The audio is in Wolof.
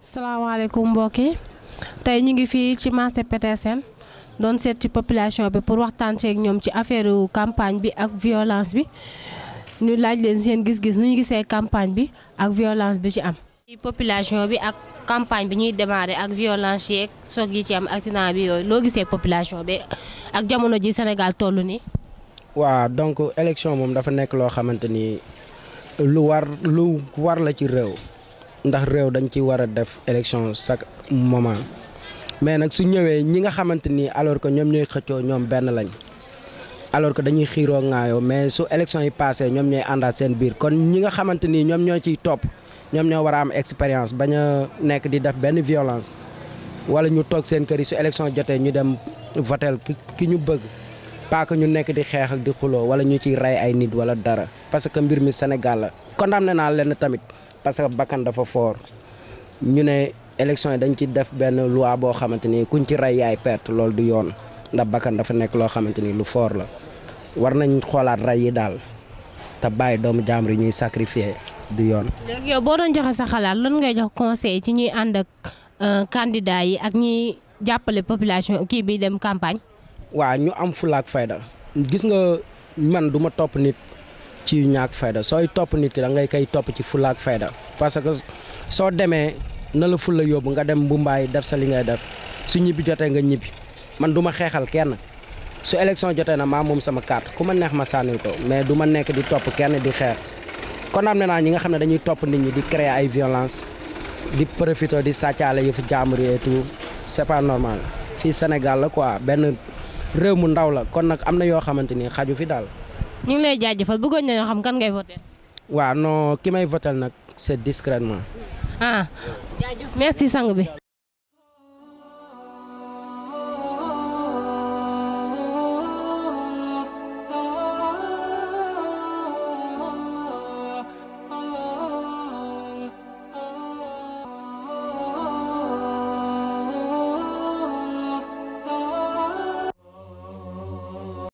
salaamaaleykum mbokk yi tey ñu ngi fii ci marché Petersen doon seet ci population bi pour waxtaan ceeg ñoom ci affaire campagne bi ak violence bi ñu laaj leen seen gis-gis nu ñu gisee campagne bi ak violence bi ci am. population bi ak campagne bi ñuy démarrer ak violence yeeg soog yi ci am accident bi yooyu loo gisee population bi ak jamono ji Sénégal toll ni waaw donc élection moom dafa nekk loo xamante ni lu war lu war la ci réew. ndax réew dañu ci war a def élection chaque moment mais nag su ñëwee ñi nga xamante ni alors que ñoom ñooy xëccoo ñoom benn lañ alors que dañuy xiiroo ŋaayoo mais su élection yi passé ñoom ñooy àndaat seen biir kon ñi nga xamante ni ñoom ñoo ciy topp ñoom ñoo war a am expérience bañ a nekk di def benn violance wala ñu toog seen kër yi su élection jotee ñu dem votel ki ñu bëgg pas ñu nekk di xeex ak di xuloo wala ñu ciy rey ay nit wala dara parce que mbir mi Sénégal parce que bakkan dafa fort ñu ne élection yi dañ ci def benn loi boo xamante ni kuñ ci ray yaay perte lool du yoon ndax bakkan dafa nekk loo xamante ni lu foor la war nañ xoolaat ray yi daal te bàyyi doomu jàmbur yi ñuy sacrifier du yoon. léegi yow boo doon joxe sa xalaat lan ngay jox conseil ci ñuy ànd ak euh, candidat yi ak ñuy jàppale population kii bi dem campagne. waaw ñu am fulaak fayda gis nga man duma topp nit. ci ñaak fayda sooy topp nit ki da ngay koy topp ci fulla ak fayda parce que soo demee na la fulla yóbbu nga dem bu mbaay def sa li ngay def su ñibbi jotee nga ñibbi man du ma xeexal kenn su élection jotee na maa moom sama carte ku ma neex ma sànnil ko mais du ma nekk di topp kenn di xeex kon am naa ñi nga xam ne dañuy topp nit ñi di créer ay violence di profité di sàccaale yëfu jàmbur et tout c'est normal fii Sénégal la quoi benn réew mu ndaw la kon nag am na yoo xamante ni xaju fi daal ñu ngi lay jaajëfal bëggoon nañoo xam kan ngay voté. waaw non ki may voté nag c'est discrètement. ah jaajëf ci sang bi.